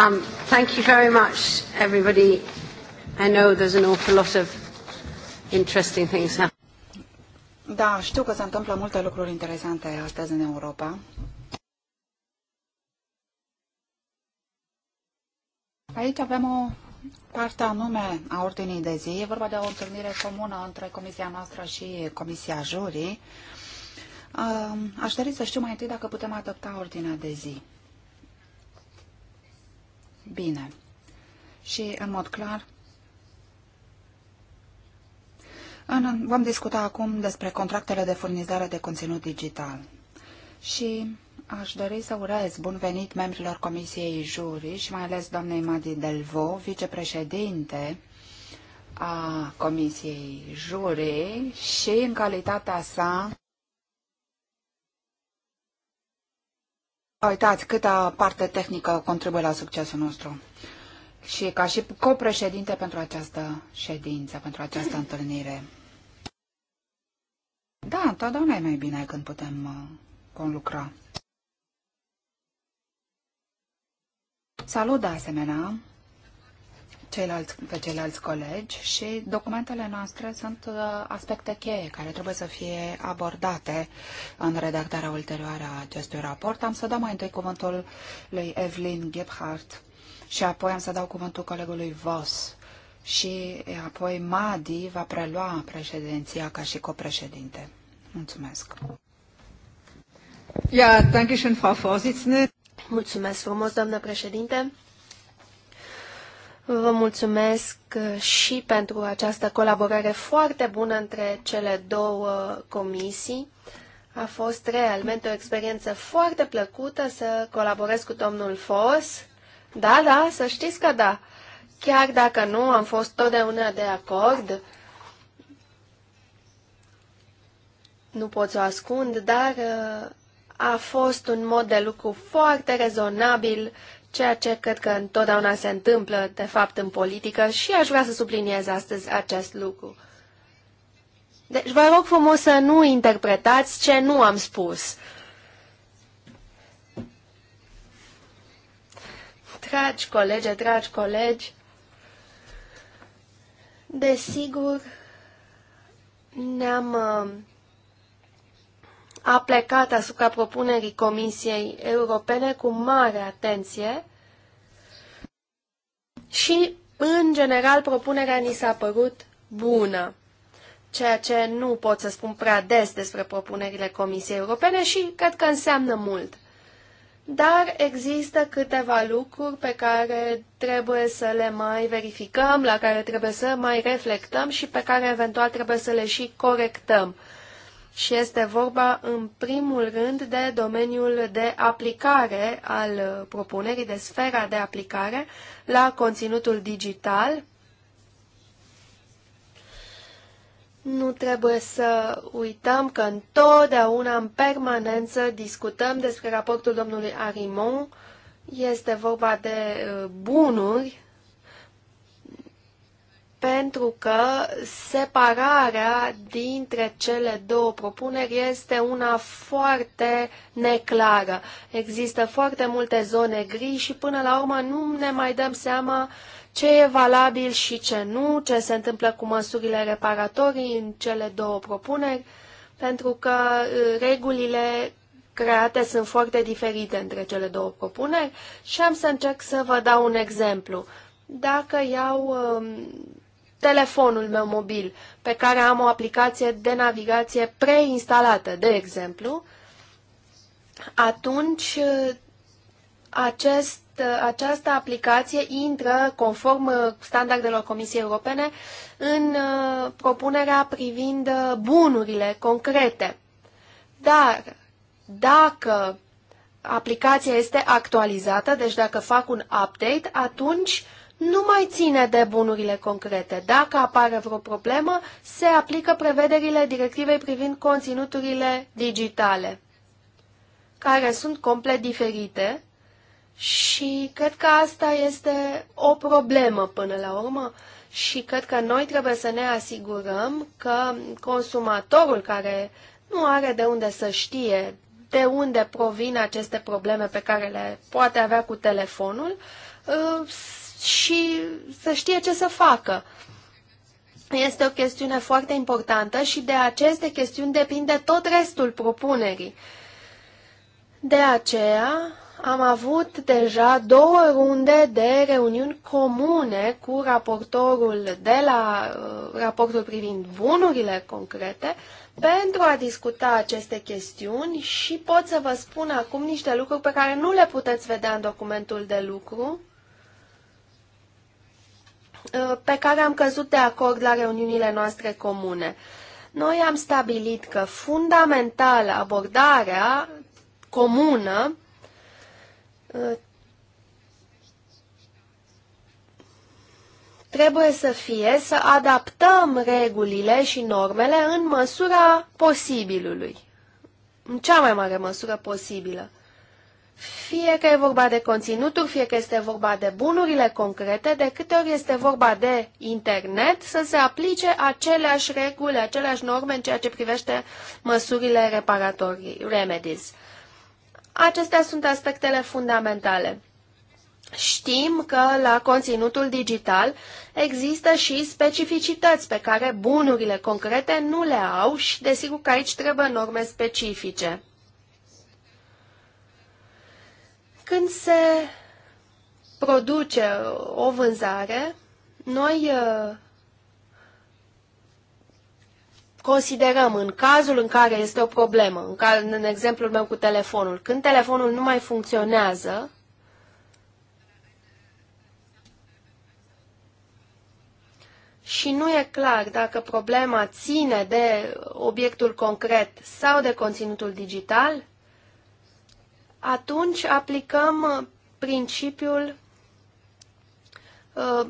Um, thank you very much, everybody. I know there's an awful lot of interesting things happening. Da, știu că se întâmplă multe lucruri interesante astăzi în Europa. Aici avem o parte anume a ordinii de zi. E vorba de o întâlnire comună între comisia noastră și comisia jurii. Um, aș dori să știu mai întâi dacă putem adopta ordinea de zi bine. Și, în mod clar, în, vom discuta acum despre contractele de furnizare de conținut digital. Și Aș dori să urez bun venit membrilor Comisiei Juri și mai ales doamnei Madi Delvo, vicepreședinte a Comisiei Juri și în calitatea sa Uitați câtă parte tehnică contribuie la succesul nostru. Și ca și copreședinte pentru această ședință, pentru această întâlnire. Da, întotdeauna e mai bine când putem uh, conlucra. Salut de asemenea ceilalți, pe ceilalți colegi și documentele noastre sunt uh, aspecte cheie care trebuie să fie abordate în redactarea ulterioară a acestui raport. Am să dau mai întâi cuvântul lui Evelyn Gebhardt și apoi am să dau cuvântul colegului Voss și apoi Madi va prelua președinția ca și copreședinte. Mulțumesc. Ja, danke schön, Frau Vorsitzende. Mulțumesc frumos, doamnă președinte. Vă mulțumesc și pentru această colaborare foarte bună între cele două comisii. A fost realmente o experiență foarte plăcută să colaborez cu domnul Fos. Da, da, să știți că da. Chiar dacă nu, am fost totdeauna de acord. Nu pot să o ascund, dar uh, a fost un mod de lucru foarte rezonabil ceea ce cred că întotdeauna se întâmplă, de fapt, în politică și aș vrea să subliniez astăzi acest lucru. Deci vă rog frumos să nu interpretați ce nu am spus. Dragi colegi, dragi colegi, desigur ne-am uh, a plecat asupra propunerii Comisiei Europene cu mare atenție și, în general, propunerea ni s-a părut bună, ceea ce nu pot să spun prea des despre propunerile Comisiei Europene și cred că înseamnă mult. Dar există câteva lucruri pe care trebuie să le mai verificăm, la care trebuie să mai reflectăm și pe care eventual trebuie să le și corectăm și este vorba în primul rând de domeniul de aplicare al propunerii, de sfera de aplicare la conținutul digital. Nu trebuie să uităm că întotdeauna, în permanență, discutăm despre raportul domnului Arimon. Este vorba de uh, bunuri pentru că separarea dintre cele două propuneri este una foarte neclară. Există foarte multe zone gri și până la urmă nu ne mai dăm seama ce e valabil și ce nu, ce se întâmplă cu măsurile reparatorii în cele două propuneri, pentru că uh, regulile create sunt foarte diferite între cele două propuneri și am să încerc să vă dau un exemplu. Dacă iau um, telefonul meu mobil, pe care am o aplicație de navigație preinstalată, de exemplu, atunci uh, acest, uh, această aplicație intră, conform uh, standardelor Comisiei Europene, în propunerea privind bunurile concrete. Dar dacă aplicația este actualizată, deci dacă fac un update, atunci uh, nu mai ține de bunurile concrete. Dacă apare vreo problemă, se aplică prevederile directivei privind conținuturile digitale, care sunt complet diferite și cred că asta este o problemă până la urmă și cred că noi trebuie să ne asigurăm că consumatorul care nu are de unde să știe de unde provin aceste probleme pe care le poate avea cu telefonul, uh, și să știe ce să facă. Este o chestiune foarte importantă și de aceste chestiuni depinde tot restul propunerii. De aceea am avut deja două runde de reuniuni comune cu raportorul de la uh, raportul privind bunurile concrete pentru a discuta aceste chestiuni și pot să vă spun acum niște lucruri pe care nu le puteți vedea în documentul de lucru, Uh, pe care am căzut de acord la reuniunile noastre comune. Noi am stabilit că fundamental abordarea comună uh, trebuie să fie să adaptăm regulile și normele în măsura posibilului, în cea mai mare măsură posibilă fie că e vorba de conținuturi, fie că este vorba de bunurile concrete, de câte ori este vorba de internet, să se aplice aceleași reguli, aceleași norme în ceea ce privește măsurile reparatorii, remedies. Acestea sunt aspectele fundamentale. Știm că la conținutul digital există și specificități pe care bunurile concrete nu le au și desigur că aici trebuie norme specifice. Când se produce o vânzare, noi uh, considerăm în cazul în care este o problemă, în, cal, în exemplul meu cu telefonul, când telefonul nu mai funcționează, și nu e clar dacă problema ține de obiectul concret sau de conținutul digital, atunci aplicăm uh, principiul uh,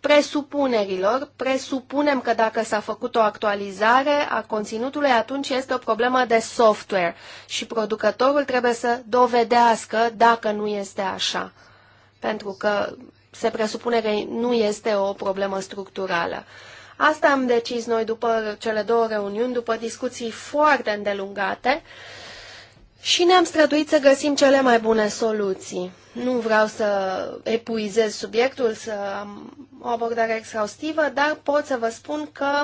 presupunerilor. Presupunem că dacă s-a făcut o actualizare a conținutului, atunci este o problemă de software și producătorul trebuie să dovedească dacă nu este așa. Pentru că se presupune că nu este o problemă structurală. Asta am decis noi după cele două reuniuni, după discuții foarte îndelungate. Uh, și ne-am străduit să găsim cele mai bune soluții. Nu vreau să epuizez subiectul, să am o abordare exhaustivă, dar pot să vă spun că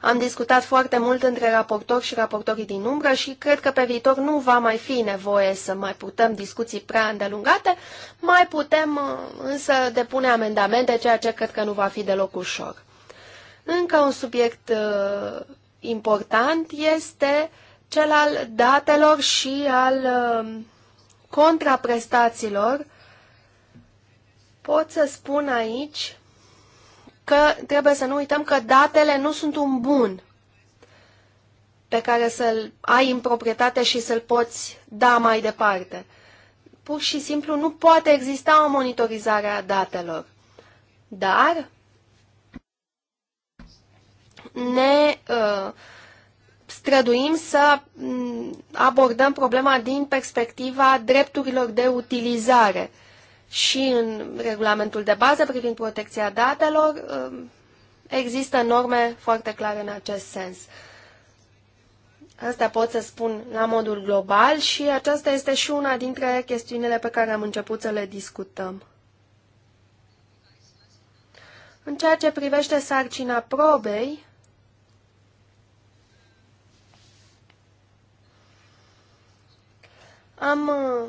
am discutat foarte mult între raportor și raportorii din umbră și cred că pe viitor nu va mai fi nevoie să mai putem discuții prea îndelungate, mai putem uh, însă depune amendamente, ceea ce cred că nu va fi deloc ușor. Încă un subiect uh, important este uh, cel al datelor și al um, contraprestațiilor, pot să spun aici că trebuie să nu uităm că datele nu sunt un bun pe care să-l ai în proprietate și să-l poți da mai departe. Pur și simplu nu poate exista o monitorizare a datelor. Dar ne uh, străduim să mm, abordăm problema din perspectiva drepturilor de utilizare. Și în regulamentul de bază privind protecția datelor mm, există norme foarte clare în acest sens. Asta pot să spun la modul global și aceasta este și una dintre chestiunile pe care am început să le discutăm. În ceea ce privește sarcina probei, Am uh,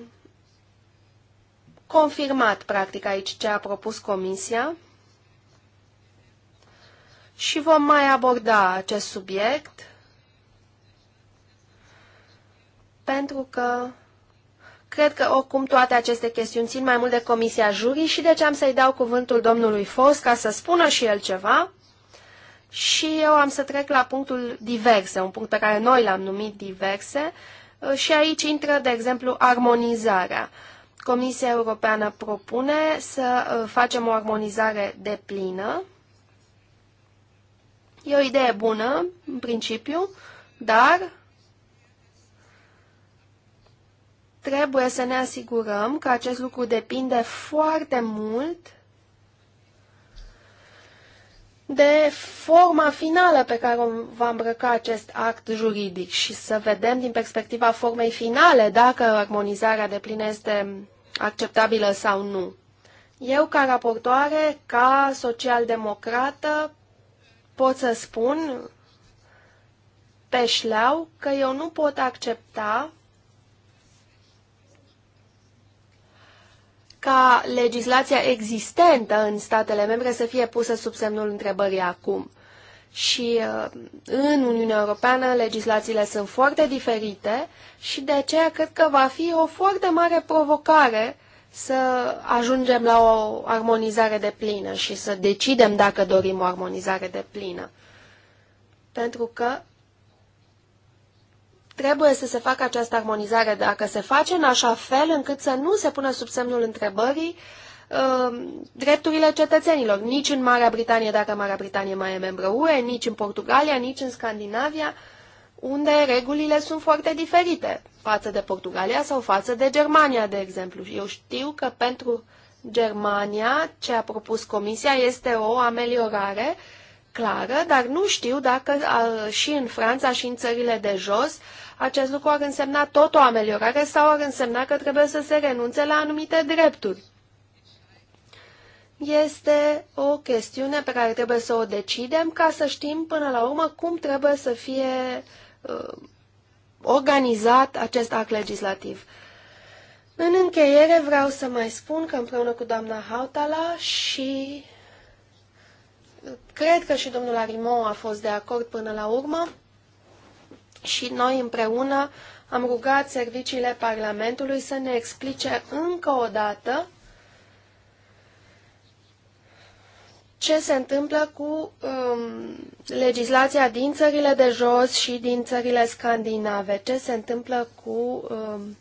confirmat, practic, aici ce a propus Comisia și vom mai aborda acest subiect pentru că cred că oricum toate aceste chestiuni țin mai mult de Comisia Jurii și deci am să-i dau cuvântul domnului Fos ca să spună și el ceva și eu am să trec la punctul diverse, un punct pe care noi l-am numit diverse Uh, și aici intră, de exemplu, armonizarea. Comisia Europeană propune să uh, facem o armonizare de plină. E o idee bună, în principiu, dar trebuie să ne asigurăm că acest lucru depinde foarte mult de forma finală pe care o va îmbrăca acest act juridic și să vedem din perspectiva formei finale dacă armonizarea de plină este acceptabilă sau nu. Eu, ca raportoare, ca socialdemocrată, pot să spun pe șleau că eu nu pot accepta ca legislația existentă în statele membre să fie pusă sub semnul întrebării acum. Și uh, în Uniunea Europeană legislațiile sunt foarte diferite și de aceea cred că va fi o foarte mare provocare să ajungem la o armonizare de plină și să decidem dacă dorim o armonizare de plină. Pentru că Trebuie să se facă această armonizare dacă se face în așa fel încât să nu se pună sub semnul întrebării uh, drepturile cetățenilor, nici în Marea Britanie, dacă Marea Britanie mai e membră UE, nici în Portugalia, nici în Scandinavia, unde regulile sunt foarte diferite față de Portugalia sau față de Germania, de exemplu. Eu știu că pentru Germania ce a propus Comisia este o ameliorare clară, dar nu știu dacă și în Franța și în țările de jos acest lucru ar însemna tot o ameliorare sau ar însemna că trebuie să se renunțe la anumite drepturi. Este o chestiune pe care trebuie să o decidem ca să știm până la urmă cum trebuie să fie uh, organizat acest act legislativ. În încheiere vreau să mai spun că împreună cu doamna Hautala și Cred că și domnul Arimo a fost de acord până la urmă și noi împreună am rugat serviciile Parlamentului să ne explice încă o dată ce se întâmplă cu um, legislația din țările de jos și din țările scandinave, ce se întâmplă cu um,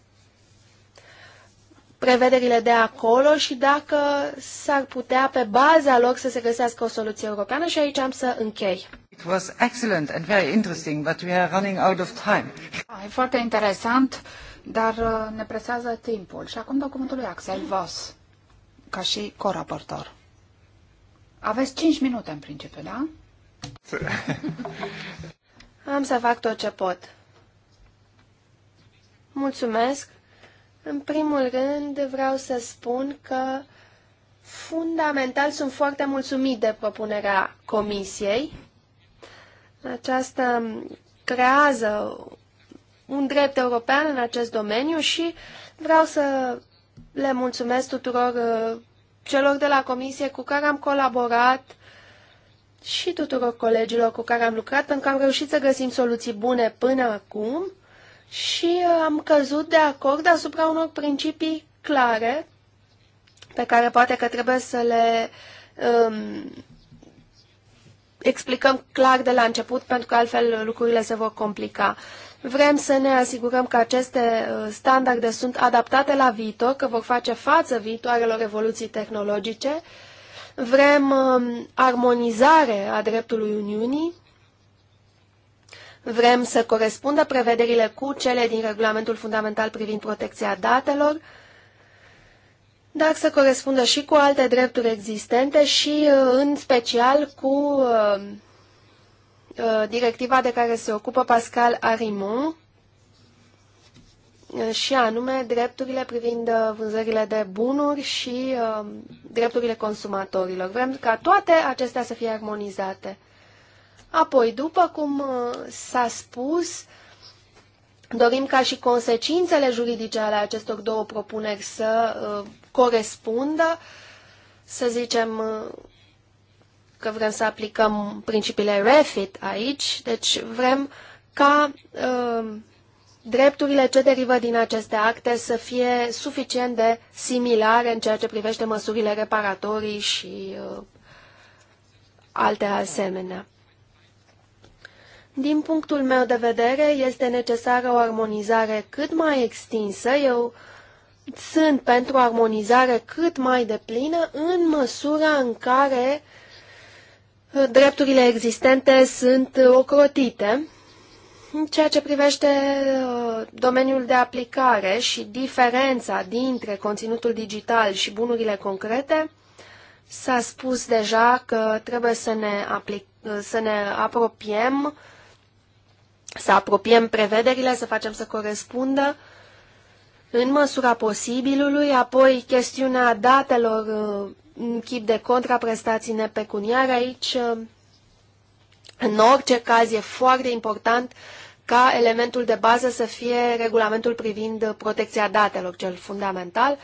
prevederile de acolo și dacă s-ar putea pe baza lor să se găsească o soluție europeană și aici am să închei. It was excellent and very interesting, but we are running out of time. Ah, e foarte interesant, dar uh, ne presează timpul. Și acum documentul lui Axel Voss, ca și coraportor. Aveți 5 minute în principiu, da? Am să fac tot ce pot. Mulțumesc. În primul rând, vreau să spun că fundamental sunt foarte mulțumit de propunerea Comisiei. Aceasta creează un drept european în acest domeniu și vreau să le mulțumesc tuturor uh, celor de la Comisie cu care am colaborat și tuturor colegilor cu care am lucrat, pentru că am reușit să găsim soluții bune până acum și am căzut de acord asupra unor principii clare pe care poate că trebuie să le um, explicăm clar de la început, pentru că altfel lucrurile se vor complica. Vrem să ne asigurăm că aceste uh, standarde sunt adaptate la viitor, că vor face față viitoarelor evoluții tehnologice. Vrem um, armonizare a dreptului Uniunii Vrem să corespundă prevederile cu cele din regulamentul fundamental privind protecția datelor, dar să corespundă și cu alte drepturi existente și uh, în special cu uh, uh, directiva de care se ocupă Pascal Arimon și anume drepturile privind vânzările de bunuri și drepturile consumatorilor. Vrem ca toate acestea să fie armonizate. Apoi, după cum uh, s-a spus, dorim ca și consecințele juridice ale acestor două propuneri să uh, corespundă, să zicem uh, că vrem să aplicăm principiile REFIT aici, deci vrem ca drepturile ce derivă din aceste acte să fie suficient de similare în ceea ce privește măsurile reparatorii și alte asemenea. Din punctul meu de vedere, este necesară o armonizare cât mai extinsă. Eu sunt pentru o armonizare cât mai deplină în măsura în care uh, drepturile existente sunt ocrotite. În ceea ce privește uh, domeniul de aplicare și diferența dintre conținutul digital și bunurile concrete, s-a spus deja că trebuie să ne, aplic- să ne apropiem să apropiem prevederile, să facem să corespundă în măsura posibilului, apoi chestiunea datelor uh, în chip de contraprestații nepecuniare. Aici, uh, în orice caz, e foarte important ca elementul de bază să fie regulamentul privind protecția datelor, cel fundamental.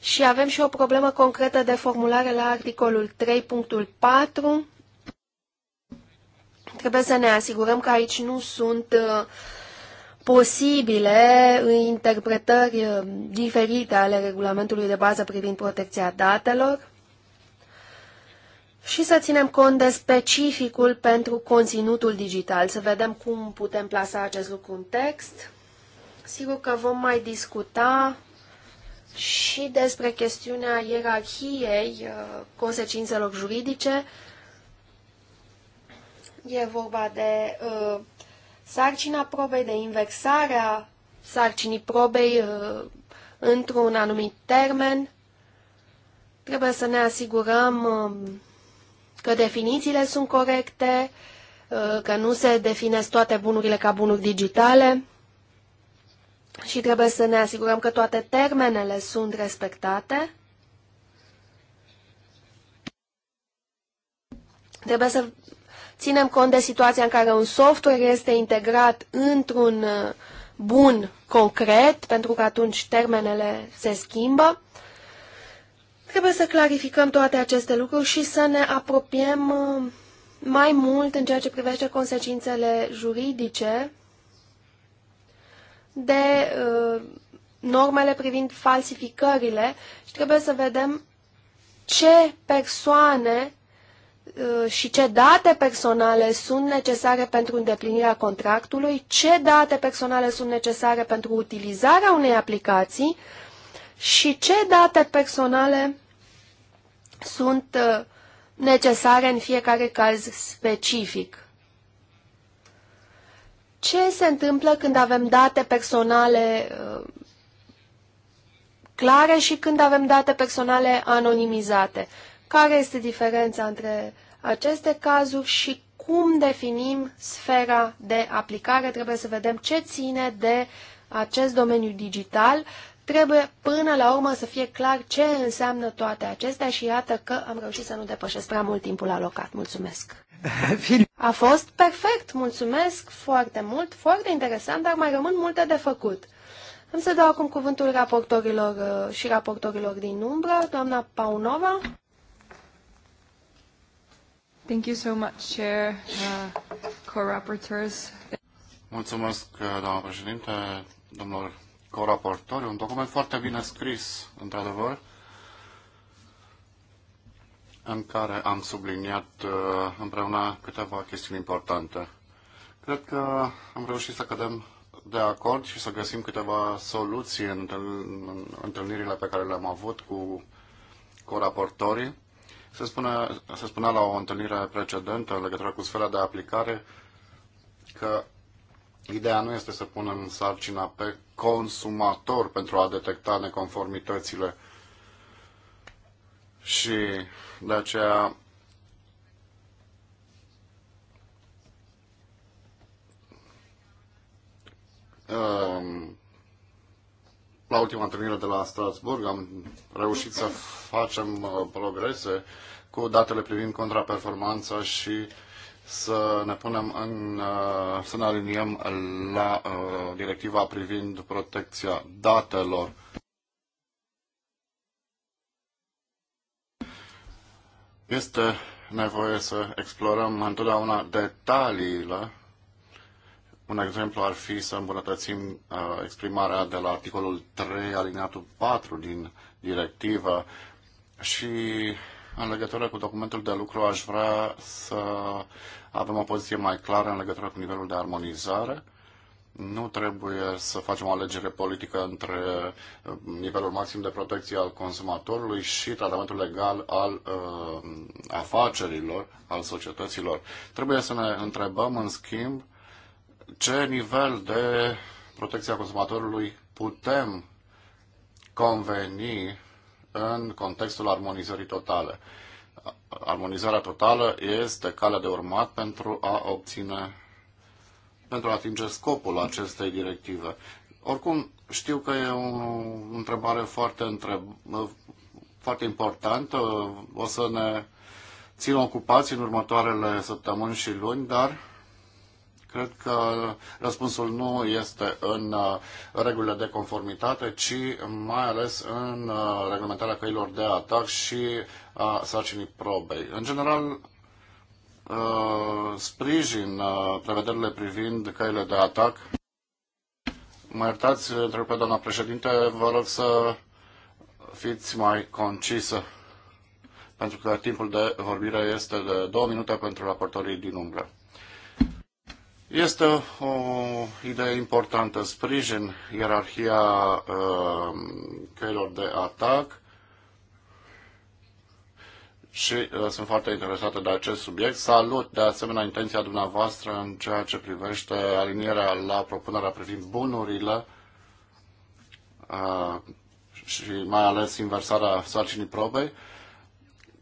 Și avem și o problemă concretă de formulare la articolul 3.4 Trebuie să ne asigurăm că aici nu sunt uh, posibile interpretări uh, diferite ale regulamentului de bază privind protecția datelor și să ținem cont de specificul pentru conținutul digital, să vedem cum putem plasa acest lucru în text. Sigur că vom mai discuta și despre chestiunea ierarhiei uh, consecințelor juridice E vorba de uh, sarcina probei, de inversarea sarcinii probei uh, într-un anumit termen. Trebuie să ne asigurăm uh, că definițiile sunt corecte, uh, că nu se definesc toate bunurile ca bunuri digitale și trebuie să ne asigurăm că toate termenele sunt respectate. Trebuie să ținem cont de situația în care un software este integrat într-un uh, bun concret, pentru că atunci termenele se schimbă. Trebuie să clarificăm toate aceste lucruri și să ne apropiem uh, mai mult în ceea ce privește consecințele juridice de uh, normele privind falsificările și trebuie să vedem ce persoane Uh, și ce date personale sunt necesare pentru îndeplinirea contractului, ce date personale sunt necesare pentru utilizarea unei aplicații și ce date personale sunt uh, necesare în fiecare caz specific. Ce se întâmplă când avem date personale uh, clare și când avem date personale anonimizate? Care este diferența între aceste cazuri și cum definim sfera de aplicare? Trebuie să vedem ce ține de acest domeniu digital. Trebuie până la urmă să fie clar ce înseamnă toate acestea și iată că am reușit să nu depășesc prea mult timpul alocat. Mulțumesc! A fost perfect, mulțumesc foarte mult, foarte interesant, dar mai rămân multe de făcut. Am să dau acum cuvântul raportorilor uh, și raportorilor din umbră, doamna Paunova. Thank you so much, Chair, uh, co Mulțumesc, uh, doamnă președinte, domnilor co-raportori. Un document foarte bine scris, într-adevăr, în care am subliniat uh, împreună câteva chestiuni importante. Cred că am reușit să cădem de acord și să găsim câteva soluții în întâlnirile pe care le-am avut cu coraportorii. Se, spune, se spunea la o întâlnire precedentă în legătură cu sfera de aplicare că ideea nu este să punem sarcina pe consumator pentru a detecta neconformitățile și de aceea um, la ultima întâlnire de la Strasburg am reușit să facem uh, progrese cu datele privind contraperformanța și să ne punem în, uh, să ne aliniem la uh, directiva privind protecția datelor. Este nevoie să explorăm întotdeauna detaliile un exemplu ar fi să îmbunătățim uh, exprimarea de la articolul 3, alineatul 4 din directivă și în legătură cu documentul de lucru aș vrea să avem o poziție mai clară în legătură cu nivelul de armonizare. Nu trebuie să facem o alegere politică între uh, nivelul maxim de protecție al consumatorului și tratamentul legal al uh, afacerilor, al societăților. Trebuie să ne întrebăm, în schimb, uh, ce nivel de protecție a consumatorului putem conveni în contextul armonizării totale. Armonizarea totală este calea de urmat pentru a obține, pentru a atinge scopul acestei directive. Oricum, știu că e o întrebare foarte, întreb, foarte importantă. O să ne țin ocupați în următoarele săptămâni și luni, dar Cred că răspunsul nu este în uh, regulile de conformitate, ci mai ales în uh, reglementarea căilor de atac și a sarcinii probei. În general, uh, sprijin prevederile privind căile de atac. Mă iertați, întreb pe doamna președinte, vă rog să fiți mai concisă, pentru că timpul de vorbire este de două minute pentru raportorii din umbră. Este o idee importantă. Sprijin ierarhia uh, căilor de atac și uh, sunt foarte interesată de acest subiect. Salut de asemenea intenția dumneavoastră în ceea ce privește alinierea la propunerea privind bunurile uh, și mai ales inversarea sarcinii probei.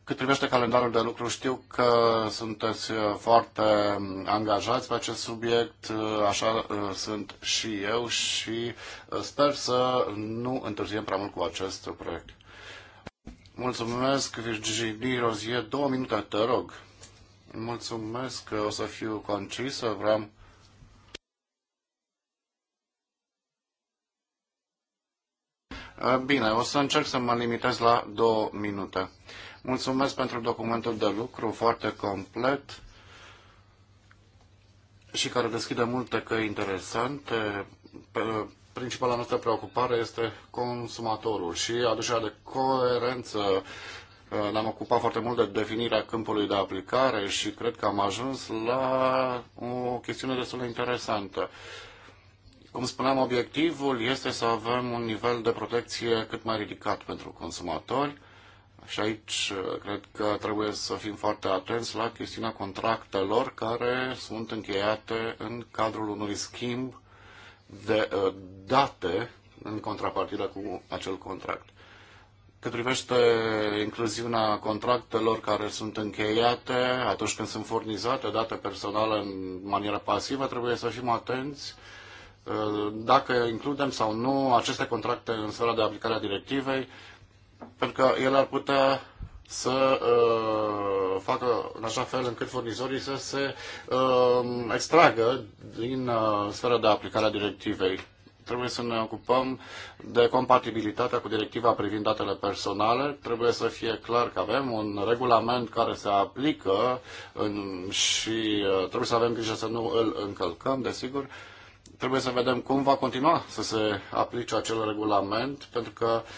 Cât privește calendarul de lucru, știu că sunteți uh, foarte um, angajați pe acest subiect, uh, așa uh, sunt și eu și sper să nu întârziem prea mult cu acest proiect. Mulțumesc, Virginie Rozie. Două minute, te rog. Mulțumesc că o să fiu concisă. Vreau Bine, o să încerc să mă limitez la două minute. Mulțumesc pentru documentul de lucru foarte complet și care deschide multe căi interesante. Principala noastră preocupare este consumatorul și aducerea de coerență. Ne-am ocupat foarte mult de definirea câmpului de aplicare și cred că am ajuns la o chestiune destul de interesantă. Cum spuneam, obiectivul este să avem un nivel de protecție cât mai ridicat pentru consumatori și aici uh, cred că trebuie să fim foarte atenți la chestiunea contractelor care sunt încheiate în cadrul unui schimb de uh, date în contrapartidă cu acel contract. Cât privește incluziunea contractelor care sunt încheiate atunci când sunt furnizate date personale în manieră pasivă, trebuie să fim atenți uh, dacă includem sau nu aceste contracte în sfera de aplicare a directivei, pentru că el ar putea să uh, facă în așa fel încât furnizorii să se uh, extragă din uh, sfera de aplicare a directivei. Trebuie să ne ocupăm de compatibilitatea cu directiva privind datele personale. Trebuie să fie clar că avem un regulament care se aplică în, și uh, trebuie să avem grijă să nu îl încălcăm, desigur. Trebuie să vedem cum va continua să se aplice acel regulament, pentru că uh,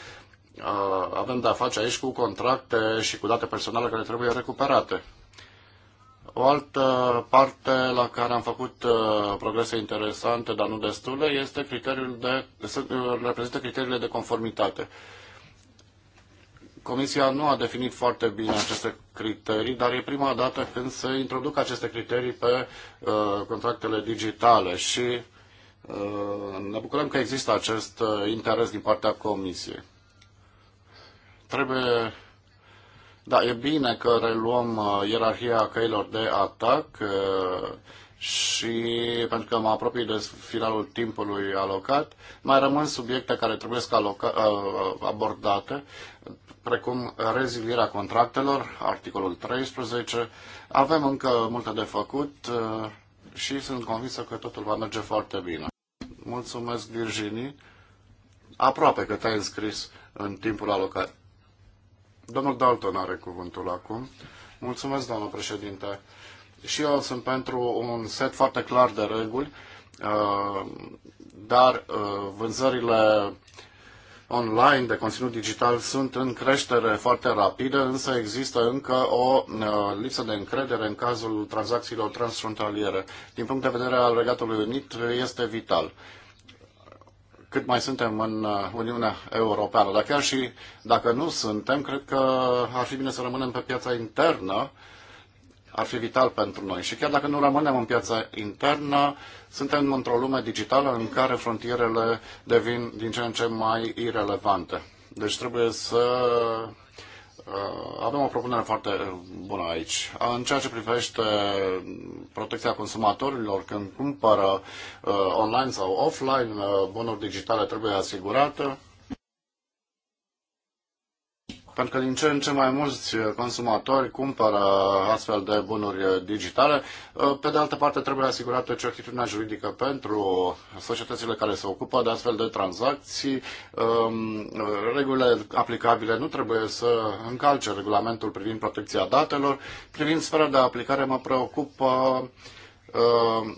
avem de-a face aici cu contracte și cu date personale care trebuie recuperate. O altă parte la care am făcut uh, progrese interesante, dar nu destule, este criteriul de, uh, reprezintă criteriile de conformitate. Comisia nu a definit foarte bine aceste criterii, dar e prima dată când se introduc aceste criterii pe uh, contractele digitale și ne bucurăm că există acest interes din partea Comisiei. Trebuie da, e bine că reluăm uh, ierarhia căilor de atac uh, și pentru că mă apropii de finalul timpului alocat, mai rămân subiecte care trebuie să aloca, uh, abordate, precum rezilirea contractelor, articolul 13. Avem încă multe de făcut uh, și sunt convinsă că totul va merge foarte bine. Mulțumesc, Virginie. Aproape că te-ai înscris în timpul alocat. Domnul Dalton are cuvântul acum. Mulțumesc, doamnă președinte. Și eu sunt pentru un set foarte clar de reguli, uh, dar uh, vânzările online de conținut digital sunt în creștere foarte rapidă, însă există încă o uh, lipsă de încredere în cazul tranzacțiilor transfrontaliere. Din punct de vedere al Regatului Unit, este vital cât mai suntem în uh, Uniunea Europeană. Dar chiar și dacă nu suntem, cred că ar fi bine să rămânem pe piața internă, ar fi vital pentru noi. Și chiar dacă nu rămânem în piața internă, suntem într-o lume digitală în care frontierele devin din ce în ce mai irelevante. Deci trebuie să Uh, avem o propunere foarte bună aici. Uh, în ceea ce privește protecția consumatorilor când cumpără uh, online sau offline, bunuri digitale trebuie asigurată pentru că din ce în ce mai mulți consumatori cumpără astfel de bunuri digitale. Pe de altă parte, trebuie asigurată certitudinea juridică pentru societățile care se ocupă de astfel de tranzacții. Um, regulile aplicabile nu trebuie să încalce regulamentul privind protecția datelor. Privind sfera de aplicare, mă preocupă um,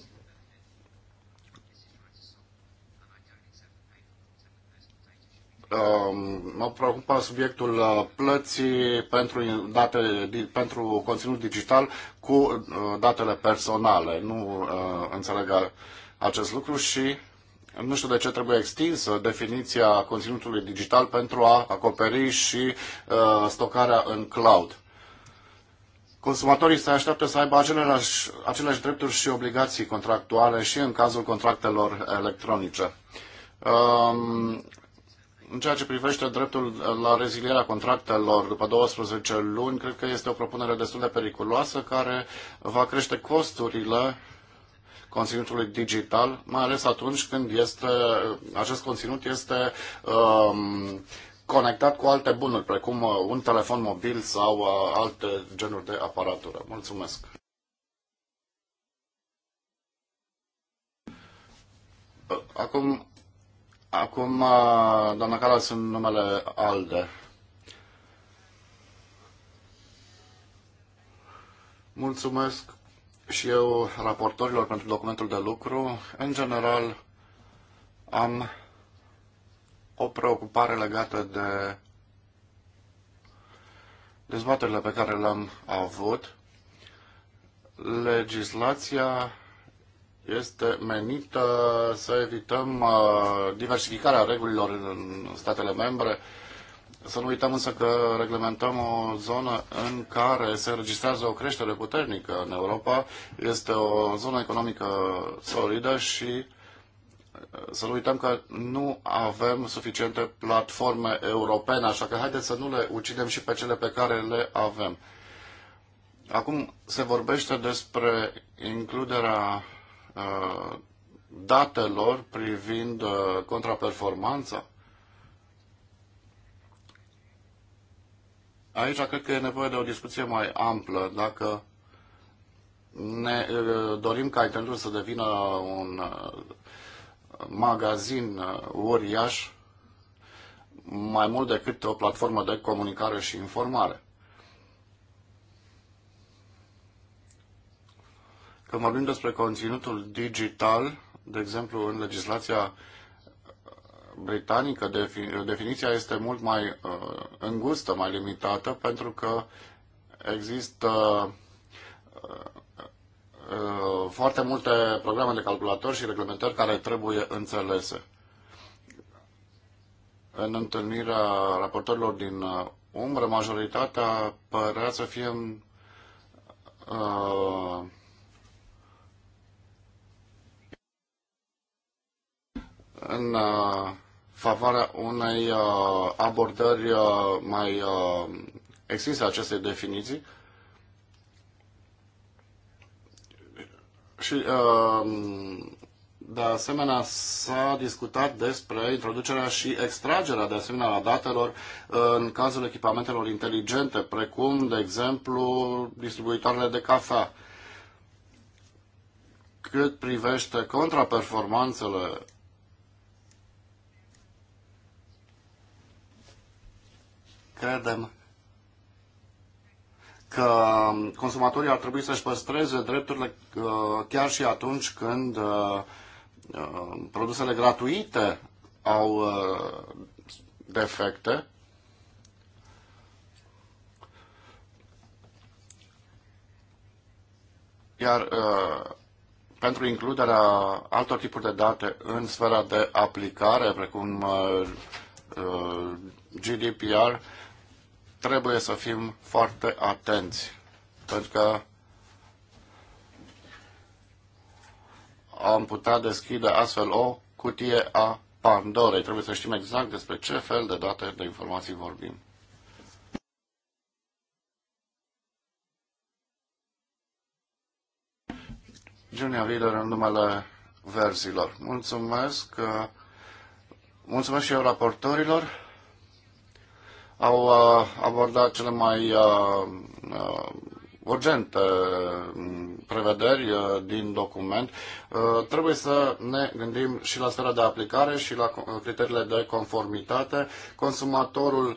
mă um, preocupă subiectul uh, plății pentru, date, pentru conținut digital cu uh, datele personale. Nu uh, înțeleg acest lucru și nu știu de ce trebuie extinsă definiția conținutului digital pentru a acoperi și stocarea în cloud. Consumatorii se așteaptă să aibă aceleași, aceleași drepturi și obligații contractuale și în cazul contractelor electronice. Um, în ceea ce privește dreptul la rezilierea contractelor după 12 luni, cred că este o propunere destul de periculoasă care va crește costurile conținutului digital, mai ales atunci când este, acest conținut este um, conectat cu alte bunuri, precum uh, un telefon mobil sau uh, alte genuri de aparatură. Mulțumesc! Uh, acum Acum, uh, doamna Cala, sunt numele ALDE. Mulțumesc și eu raportorilor pentru documentul de lucru. În general, am o preocupare legată de dezbaterile pe care le-am avut. Legislația este menită să evităm uh, diversificarea regulilor în statele membre. Să nu uităm însă că reglementăm o zonă în care se înregistrează o creștere puternică în Europa. Este o zonă economică solidă și uh, să nu uităm că nu avem suficiente platforme europene, așa că haideți să nu le ucidem și pe cele pe care le avem. Acum se vorbește despre includerea Uh, datelor privind uh, contraperformanța. Aici cred că e nevoie de o discuție mai amplă dacă ne uh, dorim ca internetul să devină un magazin uriaș mai mult decât o platformă de comunicare și informare. Când vorbim despre conținutul digital, de exemplu, în legislația uh, britanică, definiția este mult mai uh, îngustă, mai limitată, pentru că există uh, foarte multe programe de calculator și reglementări care trebuie înțelese. În întâlnirea raportorilor din umbră, majoritatea părea să fie în, uh, în uh, favoarea unei uh, abordări uh, mai extinse a acestei definiții și de asemenea s-a discutat despre introducerea și extragerea de asemenea a datelor în cazul echipamentelor inteligente, precum, de exemplu, distribuitoarele de cafea. Cât privește contraperformanțele Credem că consumatorii ar trebui să-și păstreze drepturile uh, chiar și atunci când uh, uh, produsele gratuite au defecte. Iar pentru includerea altor tipuri de date în sfera de aplicare, precum GDPR, trebuie să fim foarte atenți, pentru că am putea deschide astfel o cutie a Pandorei. Trebuie să știm exact despre ce fel de date de informații vorbim. Junior Leader în numele verzilor. Mulțumesc, uh, mulțumesc și eu raportorilor au uh, abordat cele mai uh, uh, urgente mm, prevederi din document, trebuie să ne gândim și la sfera de aplicare și la criteriile de conformitate. Consumatorul,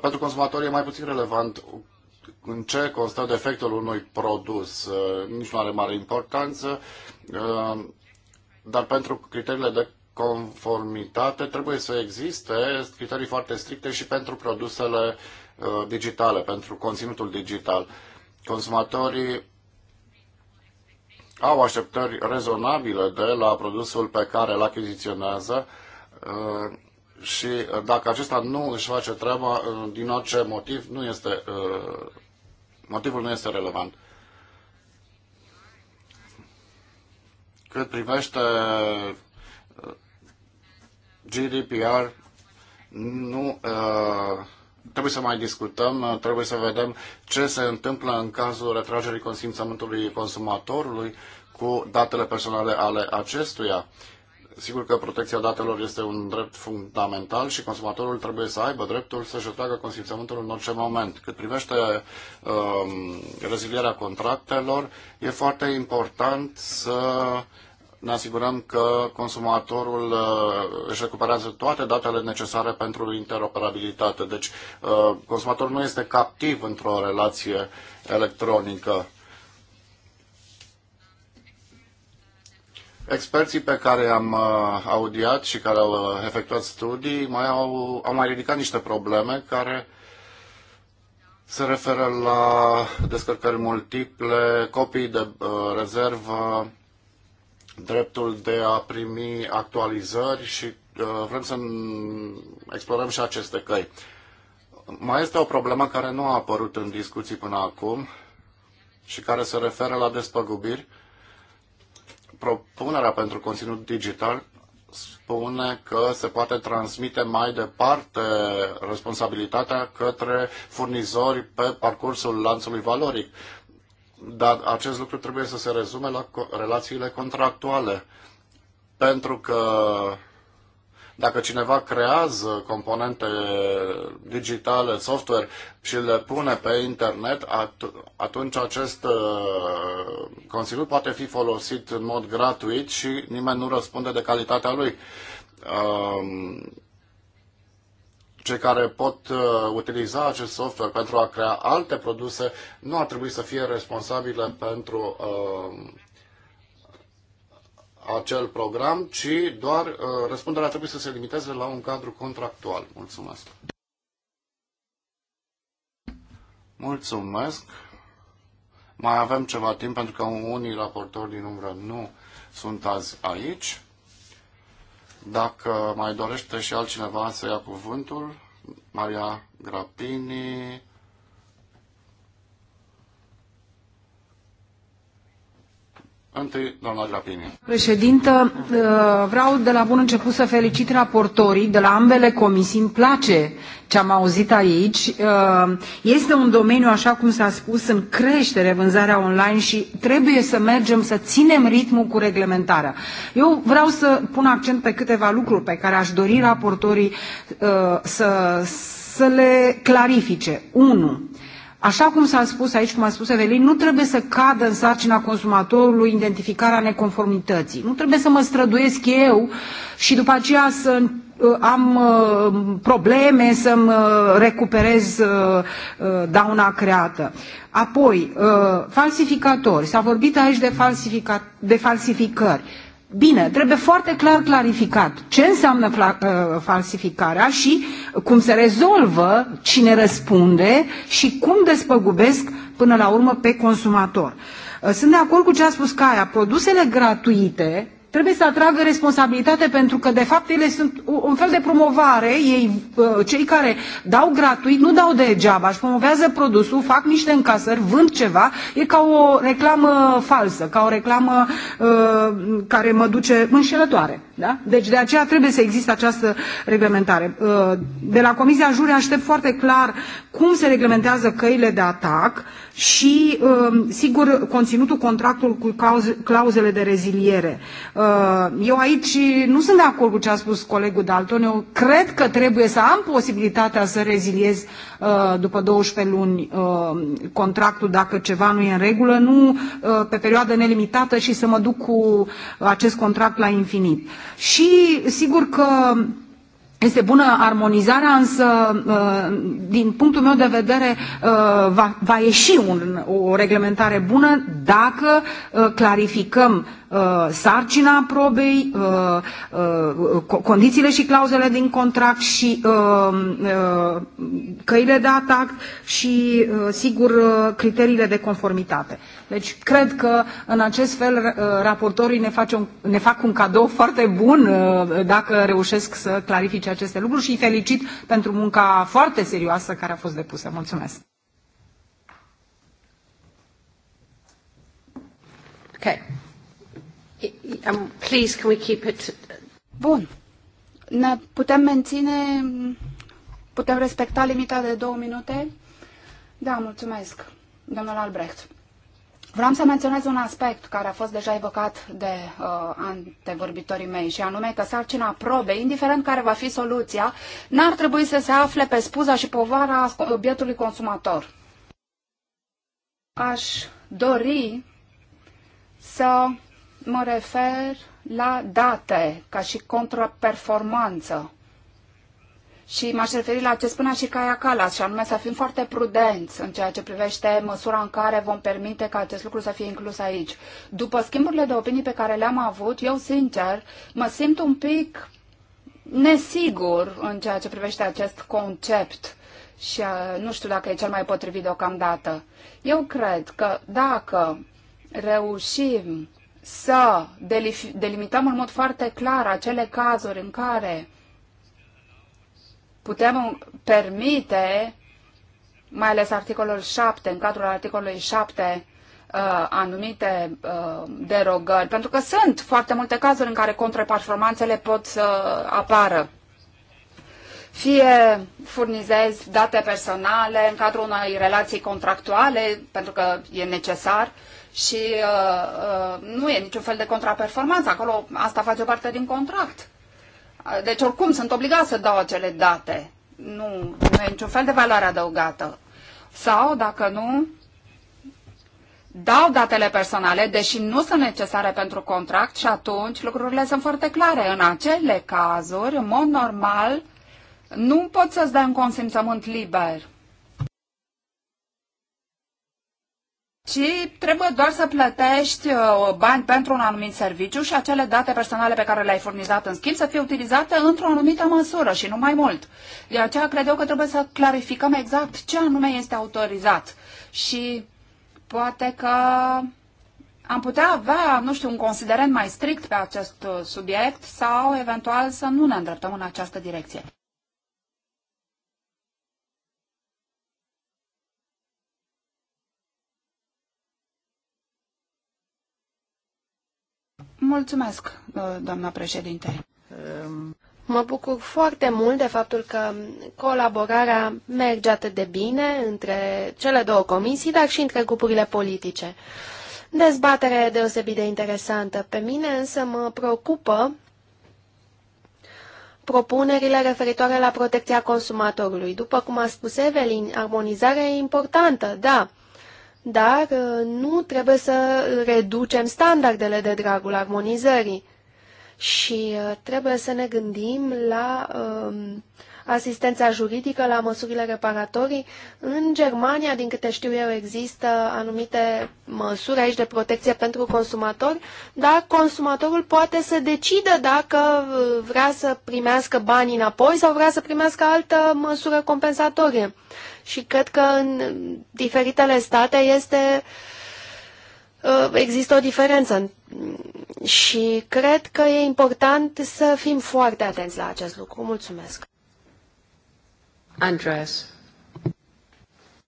pentru consumator e mai puțin relevant în ce constă defectul unui produs, nici nu are mare importanță, dar pentru criteriile de conformitate trebuie să existe criterii foarte stricte și pentru produsele uh, digitale, pentru conținutul digital. Consumatorii au așteptări rezonabile de la produsul pe care îl achiziționează uh, și dacă acesta nu își face treaba, uh, din orice motiv, nu este, motivul nu este relevant. Cât privește GDPR nu uh, trebuie să mai discutăm, uh, trebuie să vedem ce se întâmplă în cazul retragerii consimțământului consumatorului cu datele personale ale acestuia. Sigur că protecția datelor este un drept fundamental și consumatorul trebuie să aibă dreptul să-și retragă consimțământul în orice moment. Cât privește um, rezilierea contractelor, e foarte important să ne asigurăm că consumatorul uh, își recuperează toate datele necesare pentru interoperabilitate. Deci uh, consumatorul nu este captiv într-o relație electronică. Experții pe care am uh, audiat și care au efectuat studii mai au, au mai ridicat niște probleme care se referă la descărcări multiple, copii de uh, rezervă, dreptul de a primi actualizări și uh, vrem să explorăm și aceste căi. Mai este o problemă care nu a apărut în discuții până acum și care se referă la despăgubiri. Propunerea pentru conținut digital spune că se poate transmite mai departe responsabilitatea către furnizori pe parcursul lanțului valoric. Dar acest lucru trebuie să se rezume la relațiile contractuale. Pentru că dacă cineva creează componente digitale, software și le pune pe internet, at- atunci acest uh, conținut poate fi folosit în mod gratuit și nimeni nu răspunde de calitatea lui. Uh, cei care pot uh, utiliza acest software pentru a crea alte produse nu ar trebui să fie responsabile pentru uh, acel program, ci doar uh, răspunderea trebuie să se limiteze la un cadru contractual. Mulțumesc. Mulțumesc. Mai avem ceva timp pentru că unii raportori din umbră nu sunt azi aici. Dacă mai dorește și altcineva să ia cuvântul, Maria Grapini, Întâi, doamna Grapini. Președintă, uh, vreau de la bun început să felicit raportorii de la ambele comisii. Îmi place ce am auzit aici. Uh, este un domeniu, așa cum s-a spus, în creștere vânzarea online și trebuie să mergem să ținem ritmul cu reglementarea. Eu vreau să pun accent pe câteva lucruri pe care aș dori raportorii uh, să, să le clarifice. 1 Așa cum s-a spus aici, cum a spus Evelin, nu trebuie să cadă în sarcina consumatorului identificarea neconformității. Nu trebuie să mă străduiesc eu și după aceea să uh, am uh, probleme să-mi uh, recuperez dauna creată. Apoi, falsificatori. S-a vorbit aici de, falsifica de falsificări Bine, trebuie foarte clar clarificat ce înseamnă uh, falsificarea și cum se rezolvă, cine răspunde și cum despăgubesc până la urmă pe consumator. Uh, sunt de acord cu ce a spus Caia. Produsele gratuite trebuie să atragă responsabilitate pentru că de fapt ele sunt un fel de promovare ei uh, cei care dau gratuit nu dau degeaba își promovează produsul fac niște încasări vând ceva e ca o reclamă falsă ca o reclamă uh, care mă duce înșelătoare. Da? Deci de aceea trebuie să existe această reglementare. Uh, de la Comisia Jure aștept foarte clar cum se reglementează căile de atac și, um, sigur, conținutul contractului cu clauzele de reziliere. Uh, eu aici nu sunt de acord cu ce a spus colegul Dalton. Eu cred că trebuie să am posibilitatea să reziliez uh, după 12 luni contractul dacă ceva nu e în regulă, nu pe perioadă nelimitată și să mă duc cu acest contract la infinit și sigur că este bună armonizarea, însă, uh, din punctul meu de vedere, uh, va, va ieși un, o reglementare bună dacă uh, clarificăm Uh, sarcina probei, uh, uh, condițiile și clauzele din contract și căile de atac și, sigur, criteriile de conformitate. Deci, cred că, în acest fel, raportorii ne, face un, ne fac un cadou foarte bun dacă reușesc să clarifice aceste lucruri și îi felicit pentru munca foarte serioasă care a fost depusă. Mulțumesc! Okay. Um, please, can we keep it... Bun. Ne putem menține, putem respecta limita de două minute? Da, mulțumesc, domnul Albrecht. Vreau să menționez un aspect care a fost deja evocat de uh, antevorbitorii mei și anume că sarcina probei, indiferent care va fi soluția, n-ar trebui să se afle pe spuza și povara obiectului consumator. Aș dori să mă refer la date ca și contraperformanță. Și m-aș referi la ce spunea și Caia Calas, și anume să fim foarte prudenți în ceea ce privește măsura în care vom permite ca acest lucru să fie inclus aici. După schimburile de opinii pe care le-am avut, eu, sincer, mă simt un pic nesigur în ceea ce privește acest concept și uh, nu știu dacă e cel mai potrivit deocamdată. Eu cred că dacă reușim să delimităm în mod foarte clar acele cazuri în care putem permite, mai ales articolul 7, în cadrul articolului 7, uh, anumite uh, derogări, pentru că sunt foarte multe cazuri în care contraperformanțele pot să apară. Fie furnizez date personale în cadrul unei relații contractuale, pentru că e necesar, uh, și uh, uh, nu e niciun fel de contraperformanță. Acolo asta face parte din contract. Uh, deci oricum sunt obligat să dau acele date. Nu, nu e niciun fel de valoare adăugată. Sau, dacă nu, dau datele personale, deși nu sunt necesare pentru contract și atunci lucrurile sunt foarte clare. În acele cazuri, în mod normal, nu poți să-ți dai un consimțământ liber. ci trebuie doar să plătești uh, bani pentru un anumit serviciu și acele date personale pe care le-ai furnizat în schimb să fie utilizate într-o anumită măsură și nu mai mult. De aceea cred eu că trebuie să clarificăm exact ce anume este autorizat și poate că am putea avea, nu știu, un considerent mai strict pe acest uh, subiect sau eventual să nu ne îndreptăm în această direcție. Mulțumesc, uh, doamna președinte. Ehm, mă bucur foarte mult de faptul că colaborarea merge atât de bine între cele două comisii, dar și între grupurile politice. Dezbatere deosebit de interesantă. Pe mine însă mă preocupă propunerile referitoare la protecția consumatorului. După cum a spus Evelyn, armonizarea e importantă, da, dar uh, nu trebuie să reducem standardele de dragul armonizării. Și uh, trebuie să ne gândim la um, asistența juridică, la măsurile reparatorii. În Germania, din câte știu eu, există anumite măsuri aici de protecție pentru consumatori, dar consumatorul poate să decidă dacă uh, vrea să primească banii înapoi sau vrea să primească altă măsură compensatorie și cred că în diferitele state este uh, există o diferență și cred că e important să fim foarte atenți la acest lucru. Mulțumesc. Andreas.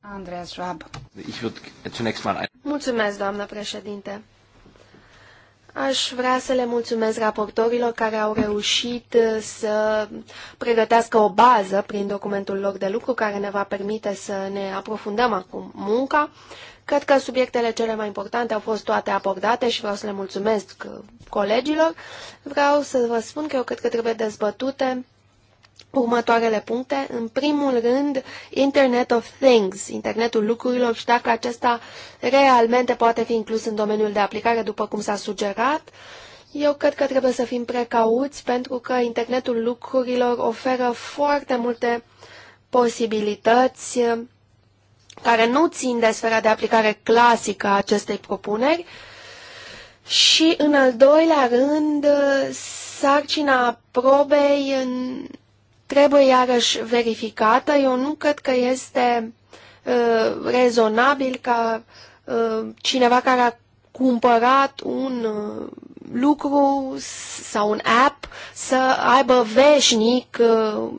Andreas Schwab. Mulțumesc, doamnă președinte. Aș vrea să le mulțumesc raportorilor care au reușit uh, să pregătească o bază prin documentul lor de lucru care ne va permite să ne aprofundăm acum munca. Cred că subiectele cele mai importante au fost toate abordate și vreau să le mulțumesc uh, colegilor. Vreau să vă spun că eu cred că trebuie dezbătute următoarele puncte. În primul rând, Internet of Things, Internetul lucrurilor și dacă acesta realmente poate fi inclus în domeniul de aplicare, după cum s-a sugerat. Eu cred că trebuie să fim precauți pentru că Internetul lucrurilor oferă foarte multe posibilități care nu țin de sfera de aplicare clasică a acestei propuneri și, în al doilea rând, sarcina probei în trebuie iarăși verificată. Eu nu cred că este uh, rezonabil ca uh, cineva care a cumpărat un uh, lucru sau un app să aibă veșnic uh,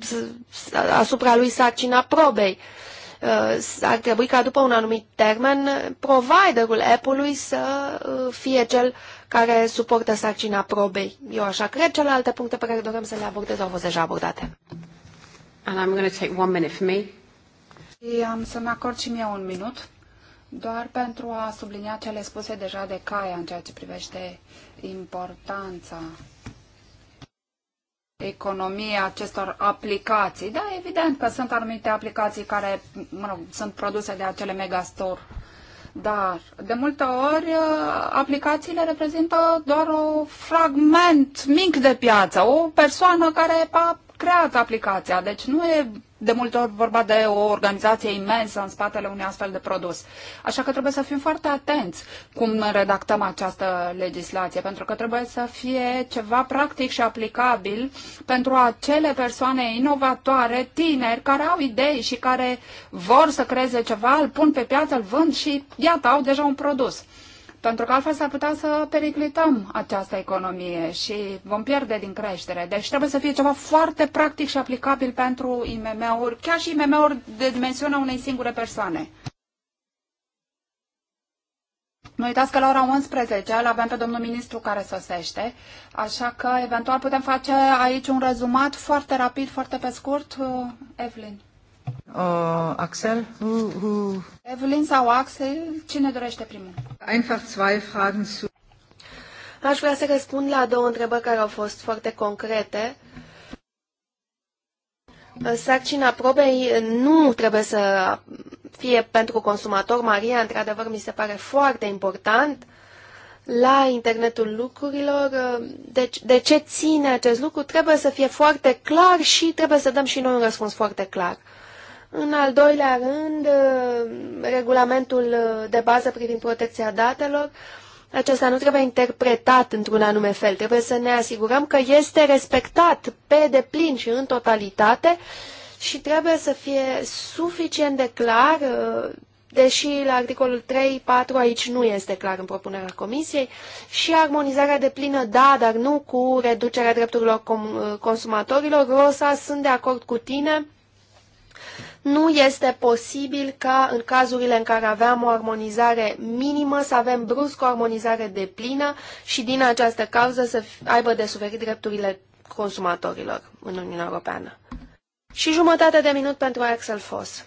asupra lui sarcina probei. Uh, Uh, ar trebui ca după un anumit termen providerul apple ului să uh, fie cel care suportă sarcina probei. Eu așa cred, celelalte puncte pe care dorem să le abordez au fost deja abordate. And I'm going to take one minute for me. Am să-mi acord și mie un minut, doar pentru a sublinia cele spuse deja de Caia în ceea ce privește importanța economie acestor aplicații. Da, evident că sunt anumite aplicații care mă rog, sunt produse de acele megastore, dar de multe ori aplicațiile reprezintă doar un fragment mic de piață, o persoană care a creat aplicația, deci nu e de multe ori vorba de o organizație imensă în spatele unui astfel de produs. Așa că trebuie să fim foarte atenți cum redactăm această legislație, pentru că trebuie să fie ceva practic și aplicabil pentru acele persoane inovatoare, tineri, care au idei și care vor să creeze ceva, îl pun pe piață, îl vând și iată, au deja un produs pentru că altfel s-ar putea să periclităm această economie și vom pierde din creștere. Deci trebuie să fie ceva foarte practic și aplicabil pentru IMM-uri, chiar și IMM-uri de dimensiunea unei singure persoane. Nu uitați că la ora 11 îl avem pe domnul ministru care sosește, așa că eventual putem face aici un rezumat foarte rapid, foarte pe scurt. Evelyn uh, Axel? Who, who... Evelyn sau Axel, cine dorește primul? Einfach zwei Fragen zu... Aș vrea să răspund la două întrebări care au fost foarte concrete. Sarcina probei nu trebuie să fie pentru consumator. Maria, într-adevăr, mi se pare foarte important la internetul lucrurilor. Deci, de ce ține acest lucru? Trebuie să fie foarte clar și trebuie să dăm și noi un răspuns foarte clar. În al doilea rând, uh, regulamentul uh, de bază privind protecția datelor, acesta nu trebuie interpretat într-un anume fel. Trebuie să ne asigurăm că este respectat pe deplin și în totalitate și trebuie să fie suficient de clar, uh, deși la articolul 3, 4 aici nu este clar în propunerea Comisiei, și armonizarea de plină, da, dar nu cu reducerea drepturilor consumatorilor. Rosa, sunt de acord cu tine nu este posibil ca în cazurile în care aveam o armonizare minimă să avem brusc o armonizare de plină și din această cauză să aibă de suferit drepturile consumatorilor în Uniunea Europeană. Și jumătate de minut pentru Axel Foss.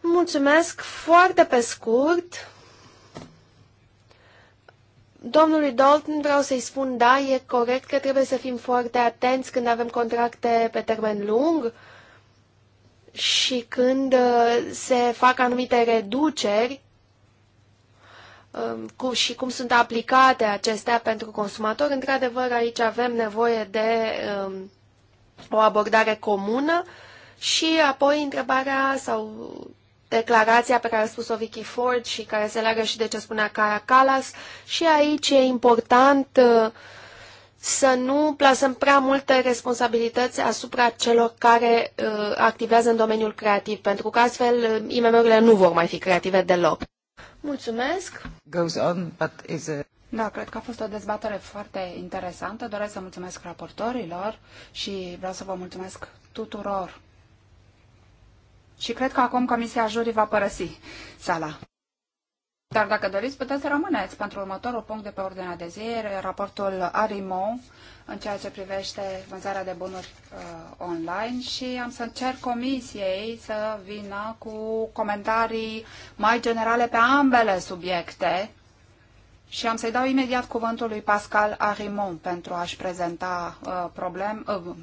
Mulțumesc foarte pe scurt. Domnului Dalton vreau să-i spun, da, e corect că trebuie să fim foarte atenți când avem contracte pe termen lung, și când uh, se fac anumite reduceri um, cu, și cum sunt aplicate acestea pentru consumator, într-adevăr aici avem nevoie de um, o abordare comună și apoi întrebarea sau declarația pe care a spus-o Vicky Ford și care se leagă și de ce spunea Cara Calas și aici e important uh, să nu plasăm prea multe responsabilități asupra celor care uh, activează în domeniul creativ, pentru că astfel uh, IMM-urile nu vor mai fi creative deloc. Mulțumesc! Goes on, but is a... Da, cred că a fost o dezbatere foarte interesantă. Doresc să mulțumesc raportorilor și vreau să vă mulțumesc tuturor. Și cred că acum Comisia Jurii va părăsi sala. Dar dacă doriți, puteți rămâneți pentru următorul punct de pe ordinea de zi, raportul ARIMO în ceea ce privește vânzarea de bunuri uh, online și am să cer comisiei să vină cu comentarii mai generale pe ambele subiecte și am să-i dau imediat cuvântul lui Pascal Arimon pentru a-și prezenta uh, problem, uh,